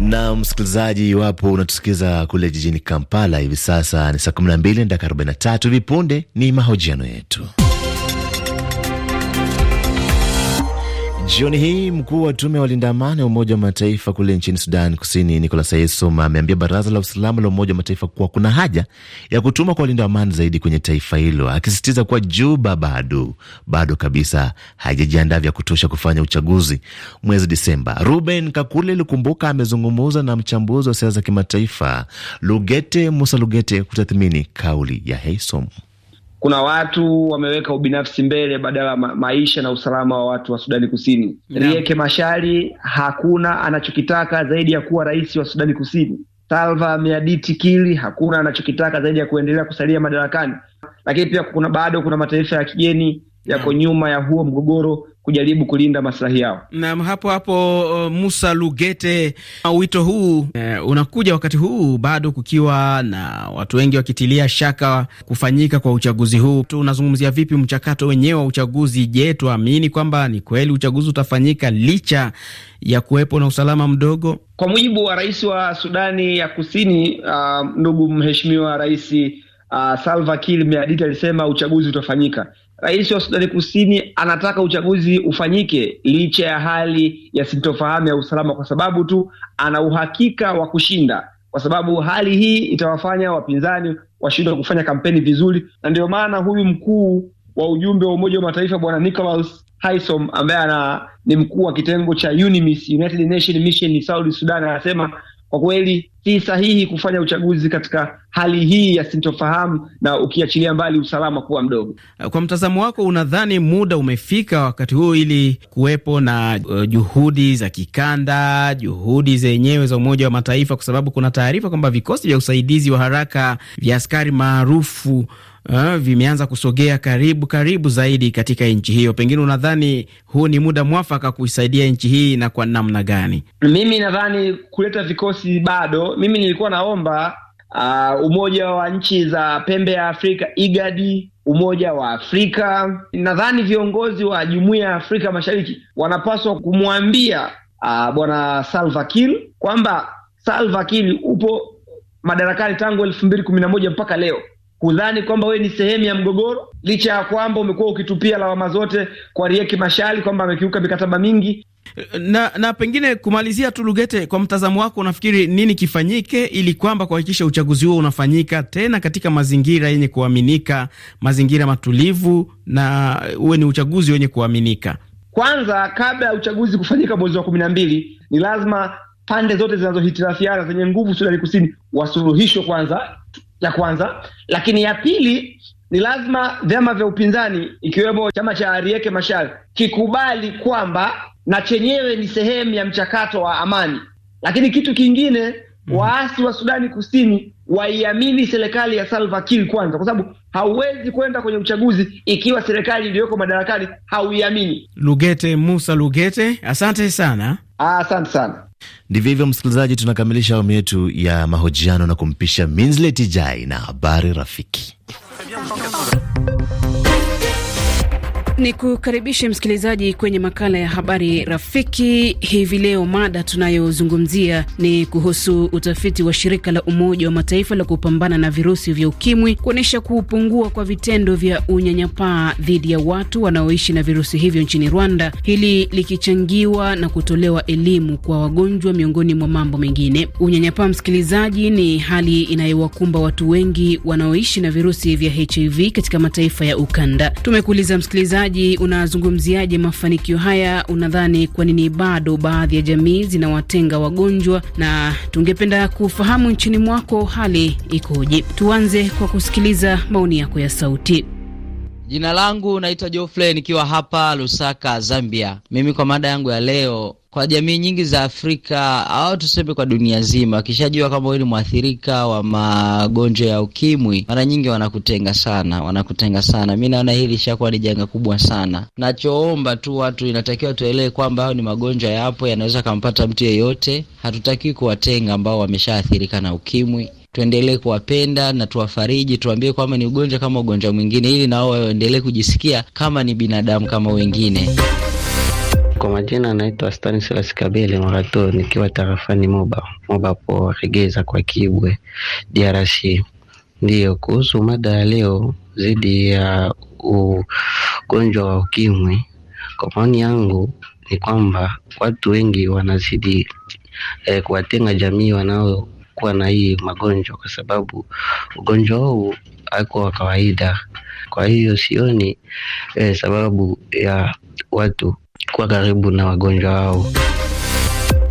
na msikilizaji, iwapo unatusikiza kule jijini Kampala hivi sasa, ni saa 12 dakika 43. Vipunde ni mahojiano yetu Jioni hii mkuu wa tume ya walinda amani wa Umoja wa Mataifa kule nchini Sudan Kusini, Nicolas Haysom ameambia baraza la usalama la Umoja wa Mataifa kuwa kuna haja ya kutuma kwa walinda amani zaidi kwenye taifa hilo, akisisitiza kuwa Juba bado bado kabisa haijajiandaa vya kutosha kufanya uchaguzi mwezi Disemba. Ruben Kakule likumbuka amezungumza na mchambuzi wa siasa za kimataifa Lugete Musa Lugete kutathmini kauli ya Haysom kuna watu wameweka ubinafsi mbele badala ya ma maisha na usalama wa watu wa Sudani Kusini. Yeah. rieke Mashari hakuna anachokitaka zaidi ya kuwa rais wa Sudani Kusini. Salva Meaditi Kili hakuna anachokitaka zaidi ya kuendelea kusalia madarakani. Lakini pia kuna bado kuna mataifa ya kigeni yako nyuma ya huo mgogoro kujaribu kulinda maslahi yao. Naam, hapo hapo uh, Musa Lugete, uh, wito huu eh, unakuja wakati huu bado kukiwa na watu wengi wakitilia shaka kufanyika kwa uchaguzi huu. Tunazungumzia vipi mchakato wenyewe wa uchaguzi? Je, tuamini kwamba ni kweli uchaguzi utafanyika licha ya kuwepo na usalama mdogo? Kwa mujibu wa rais wa Sudani ya Kusini, uh, ndugu mheshimiwa rais uh, Salva Kiir Alisema uchaguzi utafanyika Rais wa Sudani Kusini anataka uchaguzi ufanyike licha ya hali ya sintofahamu ya usalama, kwa sababu tu ana uhakika wa kushinda, kwa sababu hali hii itawafanya wapinzani washindwa kufanya kampeni vizuri, na ndio maana huyu mkuu wa ujumbe wa Umoja wa Mataifa bwana nicolas hisom ambaye ana ni mkuu wa kitengo cha unimis United nation Mission South Sudan, anasema kwa kweli si sahihi kufanya uchaguzi katika hali hii ya sintofahamu na ukiachilia mbali usalama kuwa mdogo. Kwa mtazamo wako, unadhani muda umefika wakati huu ili kuwepo na uh, juhudi za kikanda, juhudi zenyewe za Umoja wa Mataifa, kwa sababu kuna taarifa kwamba vikosi vya usaidizi wa haraka vya askari maarufu vimeanza kusogea karibu karibu zaidi katika nchi hiyo. Pengine unadhani huu ni muda mwafaka kuisaidia nchi hii na kwa namna gani? Mimi nadhani kuleta vikosi bado, mimi nilikuwa naomba uh, umoja wa nchi za pembe ya Afrika IGADI Umoja wa Afrika, nadhani viongozi wa Jumuiya ya Afrika Mashariki wanapaswa kumwambia uh, bwana Salva Kiir kwamba Salva Kiir upo madarakani tangu elfu mbili kumi na moja mpaka leo, kudhani kwamba wewe ni sehemu ya mgogoro, licha ya kwamba umekuwa ukitupia lawama zote kwa Rieki Mashali kwamba amekiuka mikataba mingi. Na, na pengine kumalizia tu Lugete, kwa mtazamo wako, unafikiri nini kifanyike ili kwamba kuhakikisha uchaguzi huo unafanyika tena katika mazingira yenye kuaminika, mazingira matulivu, na uwe ni uchaguzi wenye kuaminika? Kwanza, kabla ya uchaguzi kufanyika mwezi wa kumi na mbili, ni lazima pande zote zinazohitilafiana zenye nguvu Sudani Kusini wasuluhishwe kwanza ya kwanza, lakini ya pili ni lazima vyama vya upinzani ikiwemo chama cha Arieke Mashal kikubali kwamba na chenyewe ni sehemu ya mchakato wa amani. Lakini kitu kingine, mhm. waasi wa Sudani Kusini waiamini serikali ya Salva Kiir kwanza, kwa sababu hauwezi kwenda kwenye uchaguzi ikiwa serikali iliyoko madarakani hauiamini. Lugete Musa Lugete, asante sana. Asante sana. Ndivyo hivyo, msikilizaji, tunakamilisha awamu yetu ya mahojiano na kumpisha Minzleti Jai na habari rafiki ni kukaribishe msikilizaji kwenye makala ya habari rafiki. Hivi leo mada tunayozungumzia ni kuhusu utafiti wa shirika la Umoja wa Mataifa la kupambana na virusi vya ukimwi kuonyesha kupungua kwa vitendo vya unyanyapaa dhidi ya watu wanaoishi na virusi hivyo nchini Rwanda, hili likichangiwa na kutolewa elimu kwa wagonjwa, miongoni mwa mambo mengine. Unyanyapaa, msikilizaji, ni hali inayowakumba watu wengi wanaoishi na virusi vya HIV katika mataifa ya ukanda. Tumekuuliza msikilizaji msikilizaji, unazungumziaje mafanikio haya? Unadhani kwa nini bado baadhi ya jamii zinawatenga wagonjwa? Na tungependa kufahamu nchini mwako hali ikoje? Tuanze kwa kusikiliza maoni yako ya sauti. Jina langu naitwa Jofle nikiwa hapa Lusaka, Zambia. Mimi kwa mada yangu ya leo kwa jamii nyingi za Afrika au tuseme kwa dunia zima, kishajua kama wewe ni mwathirika wa magonjwa ya ukimwi, mara nyingi wanakutenga sana, wanakutenga sana. Mi naona hili lishakuwa ni janga kubwa sana. Nachoomba tu watu, inatakiwa tuelewe kwamba hayo ni magonjwa yapo, yanaweza kampata mtu yeyote. Hatutakiwi kuwatenga ambao wameshaathirika na ukimwi tuendelee kuwapenda na tuwafariji, tuambie kwamba ni ugonjwa kama ugonjwa mwingine, ili nao waendelee kujisikia kama ni binadamu kama wengine. Kwa majina naitwa Stanislas Kabele Marato, nikiwa tarafani Moba Moba po Regeza kwa Kibwe, DRC. Ndiyo, kuhusu mada ya leo dhidi ya ugonjwa wa ukimwi, kwa maoni yangu ni kwamba watu wengi wanazidi eh, kuwatenga jamii wanaokuwa na hii magonjwa, kwa sababu ugonjwa huu haiko wa kawaida. Kwa hiyo sioni eh, sababu ya watu kuwa karibu na wagonjwa wao.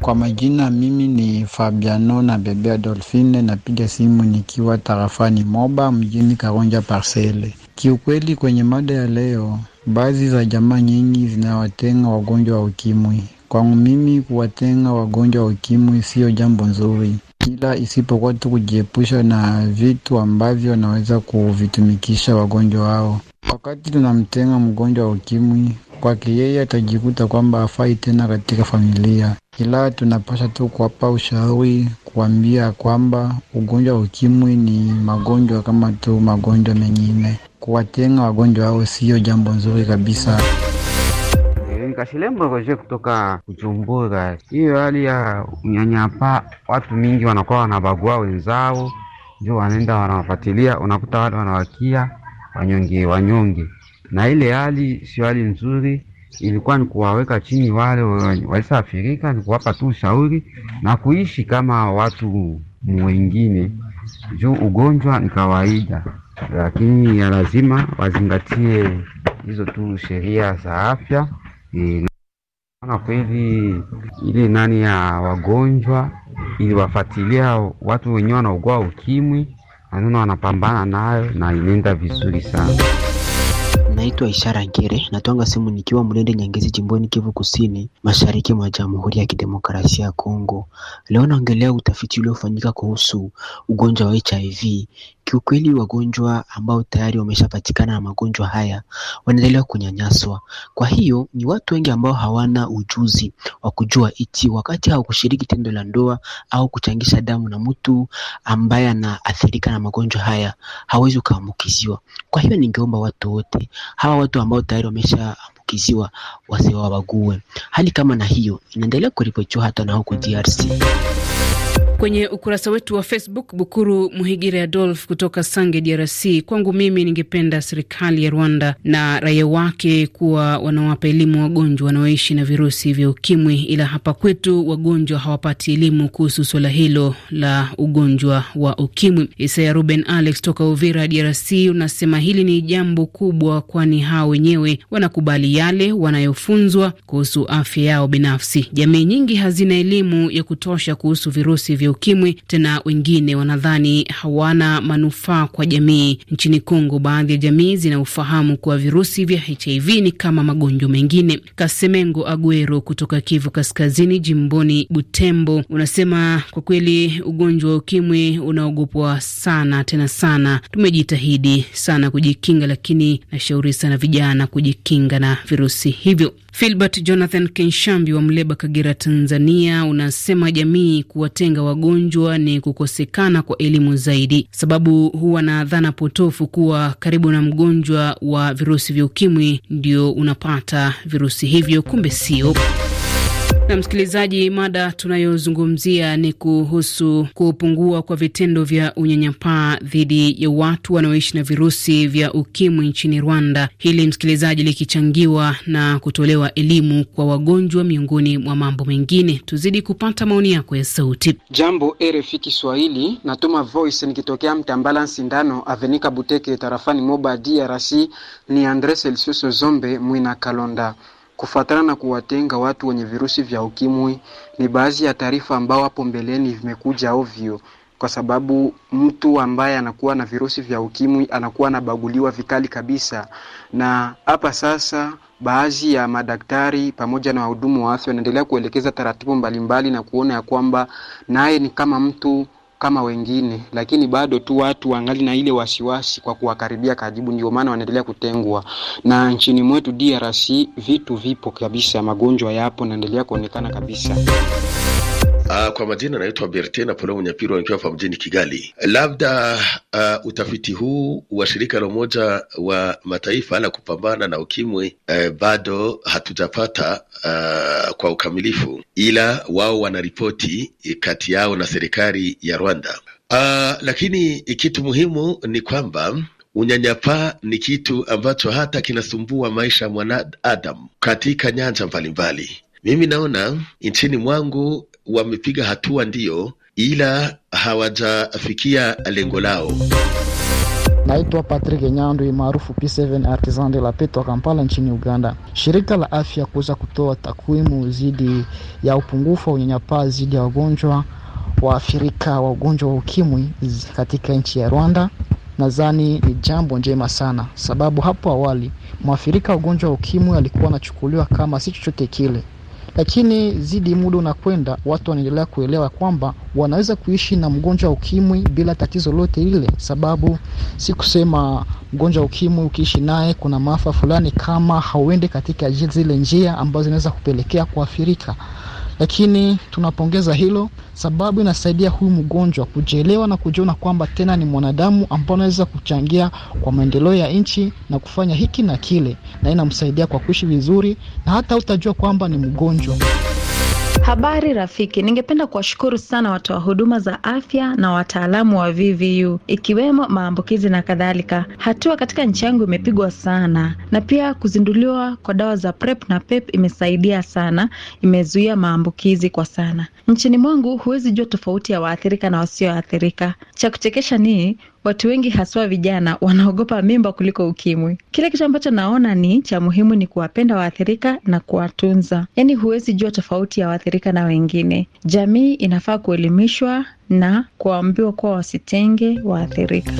Kwa majina mimi ni Fabiano na Bebe Adolfine, napiga simu nikiwa tarafani Moba mjini Karonja Parcele. Kiukweli, kwenye mada ya leo, baadhi za jamaa nyingi zinawatenga wagonjwa wa ukimwi. Kwangu mimi, kuwatenga wagonjwa wa ukimwi siyo jambo nzuri, ila isipokuwa tu kujiepusha na vitu ambavyo wanaweza kuvitumikisha wagonjwa wao. Wakati tunamtenga mgonjwa wa ukimwi, kwake yeye atajikuta kwamba afai tena katika familia, ila tunapasha tu kuwapa ushauri, kuambia kwamba ugonjwa wa ukimwi ni magonjwa kama tu magonjwa mengine. Kuwatenga wagonjwa hao siyo jambo nzuri kabisa. Eh, Kashilembo Roje kutoka Kuchumbura. Hiyo hali ya unyanyapa, watu mingi wanakuwa wanabagua wenzao, ndio wanaenda wanawafatilia, unakuta wale wanawakia wanyonge wanyonge, na ile hali sio hali nzuri. Ilikuwa ni kuwaweka chini wale walisafirika, ni kuwapa tu ushauri na kuishi kama watu wengine, juu ugonjwa ni kawaida, lakini ya lazima wazingatie hizo tu sheria za afya e, na kweli ile nani ya wagonjwa iliwafuatilia watu wenyewe wanaugua ukimwi anuno anapambana nayo na inenda vizuri sana. Naitwa Ishara Ngere, natwanga simu nikiwa Mlende Nyangezi, jimboni Kivu Kusini, mashariki mwa Jamhuri ya Kidemokrasia ya Kongo. Leo naongelea utafiti uliofanyika kuhusu ugonjwa wa HIV. Kiukweli, wagonjwa ambao tayari wameshapatikana na magonjwa haya wanaendelea kunyanyaswa. Kwa hiyo ni watu wengi ambao hawana ujuzi wa kujua iti wakati hawakushiriki tendo la ndoa au kuchangisha damu na mtu ambaye anaathirika na magonjwa haya hawezi ukaambukiziwa. Kwa hiyo ningeomba watu wote hawa watu ambao tayari wameshaambukiziwa wasiwabague. Hali kama na hiyo inaendelea kuripotiwa hata na huko DRC. Kwenye ukurasa wetu wa Facebook, Bukuru Muhigire Adolf kutoka Sange, DRC: kwangu mimi ningependa serikali ya Rwanda na raia wake kuwa wanawapa elimu wagonjwa wanaoishi na virusi vya ukimwi, ila hapa kwetu wagonjwa hawapati elimu kuhusu suala hilo la ugonjwa wa ukimwi. Isaya Ruben Alex toka Uvira, DRC unasema hili ni jambo kubwa, kwani hao wenyewe wanakubali yale wanayofunzwa kuhusu afya yao binafsi. Jamii nyingi hazina elimu ya kutosha kuhusu virusi vya vya ukimwi, tena wengine wanadhani hawana manufaa kwa jamii. Nchini Kongo, baadhi ya jamii zinaofahamu kuwa virusi vya HIV ni kama magonjwa mengine. Kasemengo Aguero kutoka Kivu Kaskazini, jimboni Butembo, unasema kwa kweli ugonjwa wa ukimwi unaogopwa sana, tena sana. Tumejitahidi sana kujikinga, lakini nashauri sana vijana kujikinga na virusi hivyo. Filbert Jonathan Kenshambi wa Mleba, Kagera, Tanzania, unasema jamii kuwatenga wagonjwa ni kukosekana kwa elimu zaidi, sababu huwa na dhana potofu kuwa karibu na mgonjwa wa virusi vya ukimwi ndio unapata virusi hivyo, kumbe sio. Na msikilizaji, mada tunayozungumzia ni kuhusu kupungua kwa vitendo vya unyanyapaa dhidi ya watu wanaoishi na virusi vya ukimwi nchini Rwanda. Hili msikilizaji, likichangiwa na kutolewa elimu kwa wagonjwa, miongoni mwa mambo mengine. Tuzidi kupata maoni yako ya sauti. Jambo RFI Kiswahili, natuma voice nikitokea Mtambala Sindano Avenika Buteke, tarafani Moba DRC. Ni Andre Celsius Zombe Mwina Kalonda kufuatana na kuwatenga watu wenye virusi vya ukimwi ni baadhi ya taarifa ambao hapo mbeleni vimekuja ovyo, kwa sababu mtu ambaye anakuwa na virusi vya ukimwi anakuwa anabaguliwa vikali kabisa. Na hapa sasa, baadhi ya madaktari pamoja na wahudumu wa afya wanaendelea kuelekeza taratibu mbalimbali na kuona ya kwamba naye ni kama mtu kama wengine, lakini bado tu watu wangali na ile wasiwasi kwa kuwakaribia karibu, ndio maana wanaendelea kutengwa. Na nchini mwetu DRC vitu vipo kabisa, magonjwa yapo naendelea kuonekana kabisa. Uh, kwa majina naitwa na Polo Munyapiro nikiwa hapa mjini Kigali. Labda uh, utafiti huu wa shirika la Umoja wa Mataifa la kupambana na ukimwi uh, bado hatujapata uh, kwa ukamilifu, ila wao wanaripoti kati yao na serikali ya Rwanda uh, lakini kitu muhimu ni kwamba unyanyapaa ni kitu ambacho hata kinasumbua maisha ya mwanadamu katika nyanja mbalimbali. Mimi naona nchini mwangu wamepiga hatua ndiyo, ila hawajafikia lengo lao. Naitwa Patrick Nyandwi maarufu P7 Artisan de la Paix Kampala nchini Uganda. Shirika la afya kuweza kutoa takwimu zidi ya upungufu wa unyanyapaa zidi ya wagonjwa waathirika wa ugonjwa wa ukimwi katika nchi ya Rwanda nadhani ni jambo njema sana, sababu hapo awali mwathirika wa ugonjwa wa ukimwi alikuwa anachukuliwa kama si chochote kile, lakini zidi muda unakwenda, watu wanaendelea kuelewa kwamba wanaweza kuishi na mgonjwa wa ukimwi bila tatizo lote ile, sababu si kusema mgonjwa wa ukimwi ukiishi naye kuna maafa fulani, kama hauende katika zile njia ambazo zinaweza kupelekea kuathirika lakini tunapongeza hilo, sababu inasaidia huyu mgonjwa kujielewa na kujiona kwamba tena ni mwanadamu ambao anaweza kuchangia kwa maendeleo ya nchi na kufanya hiki na kile, na inamsaidia kwa kuishi vizuri, na hata utajua kwamba ni mgonjwa. Habari rafiki, ningependa kuwashukuru sana watoa huduma za afya na wataalamu wa VVU ikiwemo maambukizi na kadhalika. Hatua katika nchi yangu imepigwa sana, na pia kuzinduliwa kwa dawa za PrEP na PEP imesaidia sana, imezuia maambukizi kwa sana. Nchini mwangu huwezi jua tofauti ya waathirika na wasioathirika. Cha kuchekesha ni watu wengi haswa vijana wanaogopa mimba kuliko ukimwi. Kile kitu ambacho naona ni cha muhimu ni kuwapenda waathirika na kuwatunza, yaani huwezi jua tofauti ya waathirika na wengine. Jamii inafaa kuelimishwa na kuwaambiwa kuwa wasitenge waathirika.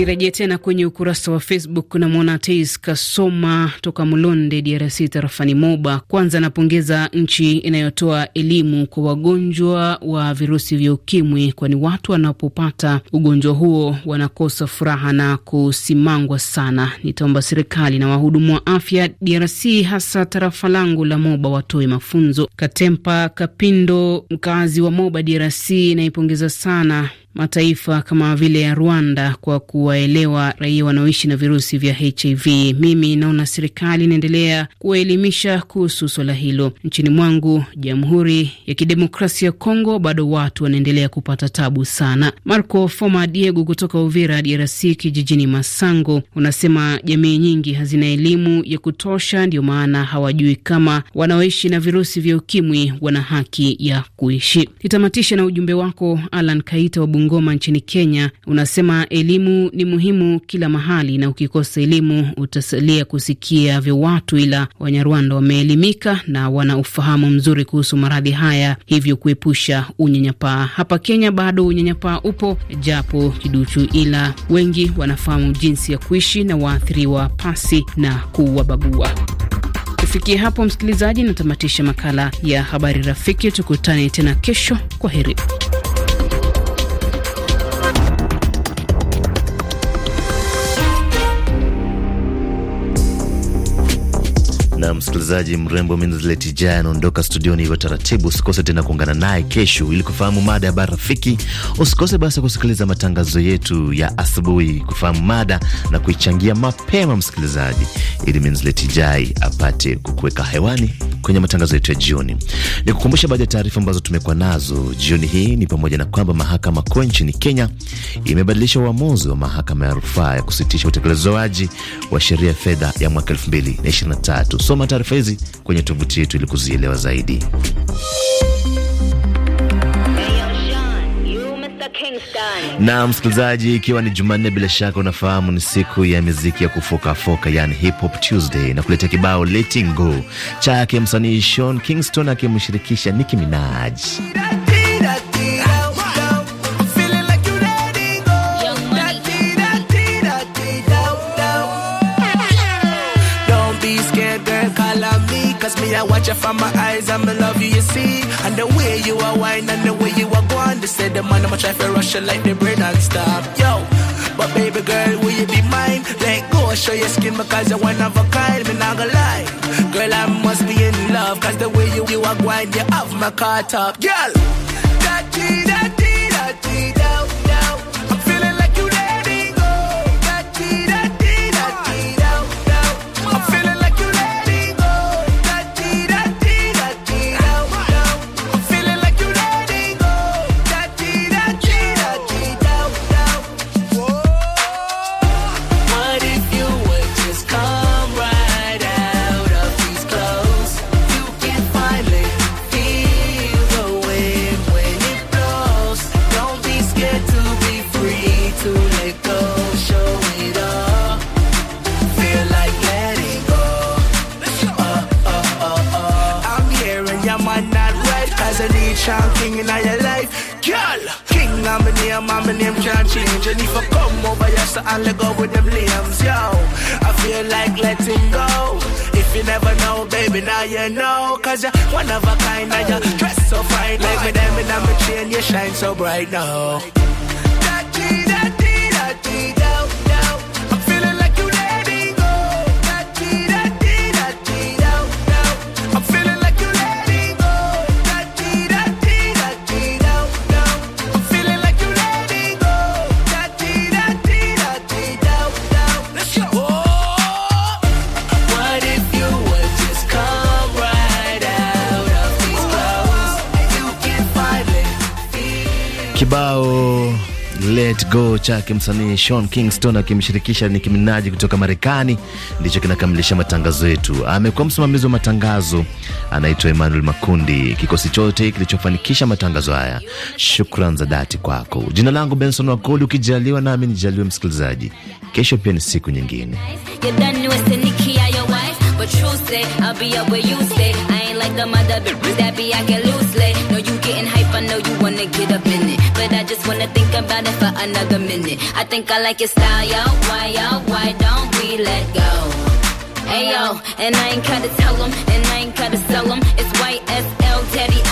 Nirejee tena kwenye ukurasa wa Facebook. Namwona Tais Kasoma toka mlonde DRC, tarafani Moba. Kwanza anapongeza nchi inayotoa elimu kwa wagonjwa wa virusi vya ukimwi, kwani watu wanapopata ugonjwa huo wanakosa furaha na kusimangwa sana. Nitaomba serikali na wahudumu wa afya DRC, hasa tarafa langu la Moba, watoe mafunzo. Katempa Kapindo, mkazi wa Moba, DRC, naipongeza sana mataifa kama vile ya Rwanda kwa kuwaelewa raia wanaoishi na virusi vya HIV. Mimi naona serikali inaendelea kuwaelimisha kuhusu swala hilo. Nchini mwangu, Jamhuri ya Kidemokrasia ya Kongo, bado watu wanaendelea kupata tabu sana. Marco Foma Diego kutoka Uvira, DRC, kijijini Masango, unasema jamii nyingi hazina elimu ya kutosha, ndio maana hawajui kama wanaoishi na virusi vya ukimwi wana haki ya kuishi. Nitamatisha na ujumbe wako Alan Kaita wa Bungoma nchini Kenya unasema elimu ni muhimu kila mahali, na ukikosa elimu utasalia kusikia vya watu, ila Wanyarwanda wameelimika na wana ufahamu mzuri kuhusu maradhi haya, hivyo kuepusha unyanyapaa. Hapa Kenya bado unyanyapaa upo japo kiduchu, ila wengi wanafahamu jinsi ya kuishi na waathiriwa pasi na kuwabagua. Kufikia hapo, msikilizaji, natamatisha makala ya habari rafiki. Tukutane tena kesho. Kwa heri. msikilizaji mrembo Minlet Jai anaondoka studioni hivyo taratibu. Usikose tena kuungana naye kesho ili kufahamu mada ya bara rafiki. Usikose basi kusikiliza matangazo yetu ya asubuhi kufahamu mada na kuichangia mapema, msikilizaji, ili Minlet Jai apate kukuweka hewani kwenye matangazo yetu ya jioni. Ni kukumbusha baadhi ya taarifa ambazo tumekuwa nazo jioni hii ni pamoja na kwamba mahakama kuu nchini Kenya imebadilisha uamuzi wa mahakama ya rufaa ya kusitisha utekelezaji wa sheria ya fedha ya mwaka 2023. Soma taarifa hizi kwenye tovuti yetu ili kuzielewa zaidi. na msikilizaji, ikiwa ni Jumanne, bila shaka unafahamu ni siku ya miziki ya kufokafoka, yani hip hop Tuesday, na kuletea kibao Letting Go chake msanii Sean Kingston akimshirikisha Nicki Minaj. I watch you from my eyes, I'm in love you, you see. And the way you are wine and the way you are going, they say the man, I'ma try for rush you like the bread and stop. Yo, but baby girl, will you be mine? Let go, show your skin because you're one of a kind, me not gonna lie. Girl, I must be in love, cause the way you, you are going, you have my car top. Girl, that G, that recognize a lead chant king in your life. Girl, king on my name, and my name can't change. And if I come over here, so i let go with them limbs, yo. I feel like letting go. If you never know, baby, now you know. Cause you're one of a kind, and you dress so fine. Like with them and I'm a chain, you shine so bright now. Da-dee, da-dee, da-dee. chake msanii Sean Kingston akimshirikisha Nicki Minaj kutoka Marekani ndicho kinakamilisha matangazo yetu. Amekuwa msimamizi wa matangazo, anaitwa Emmanuel Makundi. Kikosi chote kilichofanikisha matangazo haya, shukran za dhati kwako. Jina langu Benson Wakoli, ukijaliwa nami nijaliwe msikilizaji, kesho pia ni siku nyingine. slay. No, you getting hype, I know you wanna get up in it. But I just wanna think about it for another minute. I think I like your style, yo. Why, yo? Why don't we let go? Ayo, and I ain't gotta tell them, and I ain't gotta sell them. It's YSL, daddy.